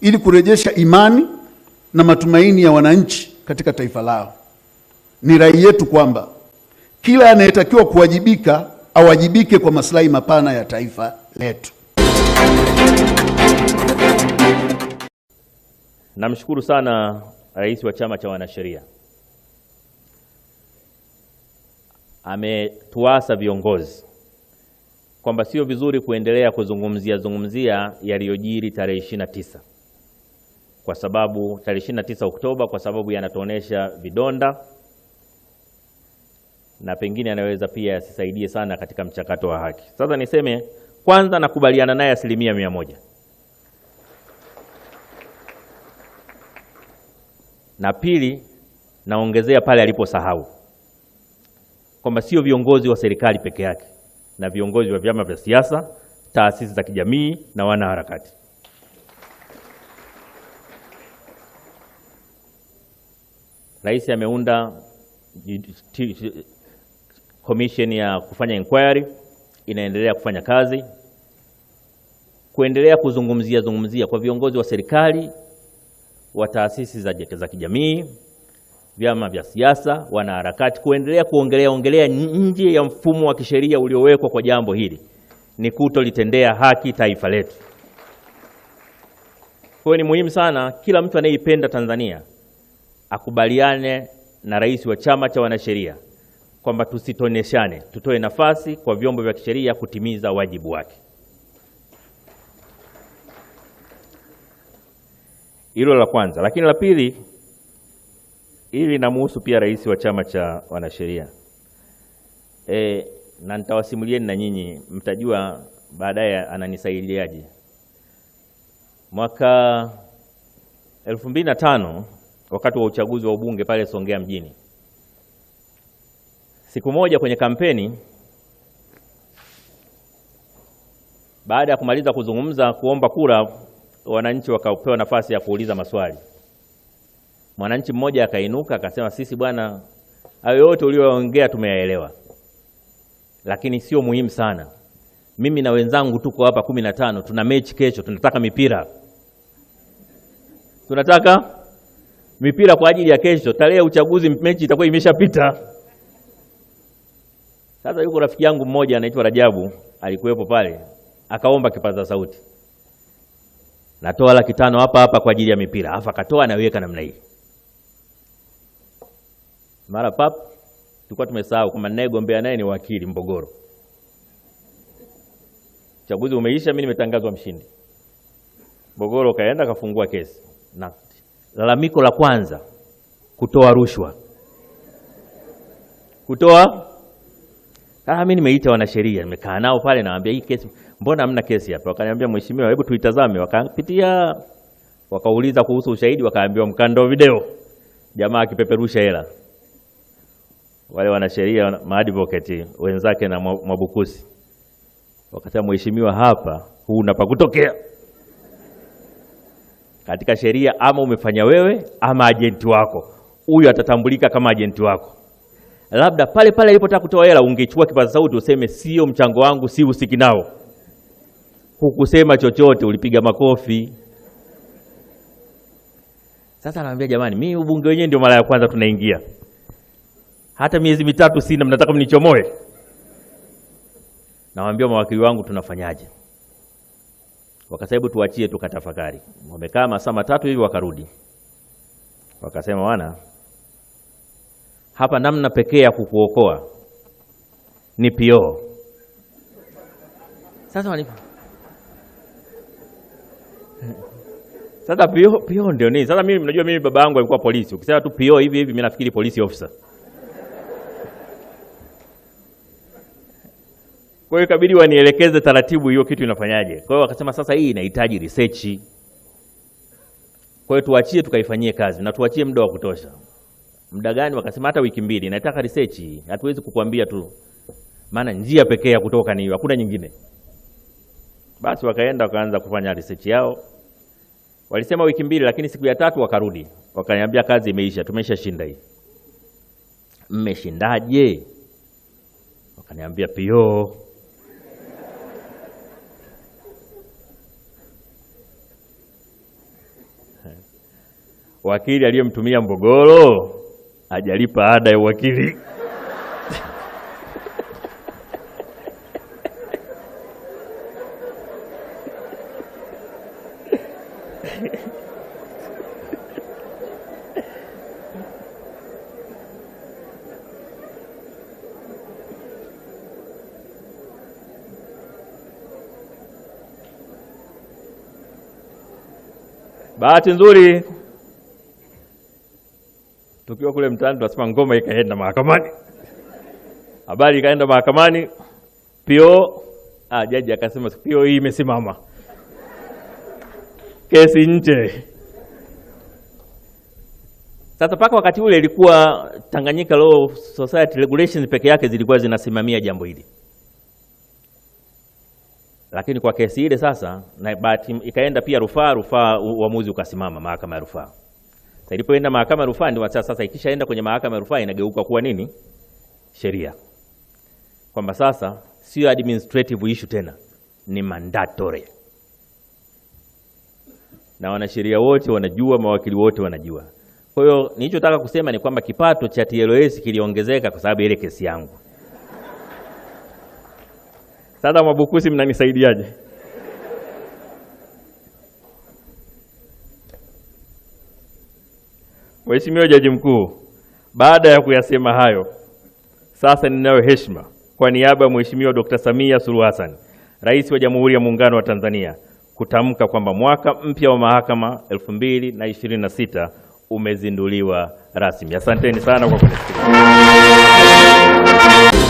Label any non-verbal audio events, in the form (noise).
ili kurejesha imani na matumaini ya wananchi katika taifa lao. Ni rai yetu kwamba kila anayetakiwa kuwajibika awajibike kwa maslahi mapana ya taifa letu. Namshukuru sana rais wa Chama cha Wanasheria, ametuasa viongozi kwamba sio vizuri kuendelea kuzungumzia zungumzia yaliyojiri tarehe 29 kwa sababu tarehe 29 Oktoba, kwa sababu yanatuonesha vidonda na pengine anaweza pia yasisaidie sana katika mchakato wa haki. Sasa niseme kwanza, nakubaliana naye asilimia mia moja na pili, naongezea pale aliposahau kwamba sio viongozi wa serikali peke yake, na viongozi wa vyama vya siasa, taasisi za kijamii na wanaharakati. Rais ameunda commission ya kufanya inquiry, inaendelea kufanya kazi, kuendelea kuzungumzia zungumzia kwa viongozi wa serikali, wa taasisi za, za kijamii, vyama vya siasa, wanaharakati, kuendelea kuongelea ongelea nje ya mfumo wa kisheria uliowekwa kwa jambo hili ni kutolitendea haki taifa letu. Kwa hiyo ni muhimu sana kila mtu anayeipenda Tanzania akubaliane na rais wa chama cha wanasheria kwamba tusitoneshane, tutoe nafasi kwa vyombo vya kisheria kutimiza wajibu wake. Hilo la kwanza, lakini la pili, ili namuhusu pia rais wa chama cha wanasheria e, na nitawasimulieni na nyinyi mtajua baadaye ananisaidiaje. Mwaka elfu mbili na tano wakati wa uchaguzi wa ubunge pale Songea mjini. Siku moja kwenye kampeni, baada ya kumaliza kuzungumza kuomba kura, wananchi wakapewa nafasi ya kuuliza maswali. Mwananchi mmoja akainuka akasema, sisi bwana, hayo yote uliyoongea tumeyaelewa, lakini sio muhimu sana. Mimi na wenzangu tuko hapa kumi na tano, tuna mechi kesho, tunataka mipira, tunataka mipira kwa ajili ya kesho, tarehe ya uchaguzi mechi itakuwa imeshapita. Sasa yuko rafiki yangu mmoja anaitwa Rajabu, alikuwepo pale, akaomba kipaza sauti, natoa laki tano hapa hapa kwa ajili ya mipira, afa akatoa anaiweka namna hii, mara pap, tulikuwa tumesahau kama nayegombea naye ni wakili Mbogoro. Uchaguzi umeisha, mimi nimetangazwa mshindi. Mbogoro kaenda kafungua kesi na Lalamiko la kwanza, kutoa rushwa. Kutoa sasa, ah, mimi nimeita wanasheria, nimekaa nao pale, nawaambia hii kesi, mbona hamna kesi hapa? Wakaniambia mheshimiwa, hebu tuitazame. Wakapitia, wakauliza kuhusu ushahidi, wakaambiwa mkando video, jamaa akipeperusha hela. Wale wanasheria maadvocate wenzake na Mwabukusi wakasema, mheshimiwa, hapa huu unapakutokea katika sheria, ama umefanya wewe ama ajenti wako. Huyu atatambulika kama ajenti wako. Labda pale pale alipotaka kutoa hela, ungechukua kipaza sauti useme, sio mchango wangu, si usiki nao. Hukusema chochote, ulipiga makofi. Sasa anamwambia jamani, mimi ubunge wenyewe ndio mara ya kwanza tunaingia, hata miezi mitatu sina, mnataka mnichomoe? Nawaambia mawakili wangu, tunafanyaje? Wakasema tuachie tukatafakari. Wamekaa masaa matatu hivi, wakarudi wakasema, wana hapa, namna pekee ya kukuokoa ni pioo. Sasa walipo sasa, pioo pio ndio nini? Sasa mimi mnajua, mimi baba yangu alikuwa polisi, ukisema tu pioo hivi hivi, mimi nafikiri polisi officer. Kwa hiyo ikabidi wanielekeze taratibu hiyo kitu inafanyaje. Kwa hiyo wakasema sasa hii inahitaji research. Kwa hiyo tuachie tukaifanyie kazi na tuachie muda wa kutosha. Muda gani? Wakasema hata wiki mbili, nataka research. Hatuwezi kukuambia tu. Maana njia pekee ya kutoka ni hiyo, hakuna nyingine. Basi wakaenda wakaanza kufanya research yao. Walisema wiki mbili, lakini siku ya tatu wakarudi. Wakaniambia kazi imeisha, tumeshashinda hii. Mmeshindaje? Wakaniambia pio (laughs) wakili aliyemtumia Mbogoro hajalipa ada ya wakili (laughs) Bahati nzuri tukiwa kule mtaani tunasema ngoma ikaenda mahakamani, habari ikaenda mahakamani, pio ah, jaji akasema pio hii imesimama, kesi nje. Sasa mpaka wakati ule ilikuwa Tanganyika Law Society Regulations peke yake zilikuwa zinasimamia jambo hili. Lakini kwa kesi ile sasa na bahati ikaenda pia rufaa, rufaa uamuzi ukasimama mahakama ya rufaa. Sasa ilipoenda mahakama ya rufaa ndio sasa, ikishaenda kwenye mahakama ya rufaa inageuka kuwa nini? Sheria, kwamba sasa sio administrative issue tena, ni mandatory na wanasheria wote wanajua, mawakili wote wanajua. Kwa hiyo nilichotaka kusema ni kwamba kipato cha TLS kiliongezeka kwa sababu ile kesi yangu. Sada Mwabukusi, mnanisaidiaje? Mheshimiwa Jaji Mkuu, baada ya kuyasema hayo, sasa ninayo heshima kwa niaba ya Mheshimiwa Dr. Samia Suluhu Hassan, Rais wa Jamhuri ya Muungano wa Tanzania, kutamka kwamba mwaka mpya wa mahakama 2026 umezinduliwa rasmi. Asanteni sana kwa kunisikiliza.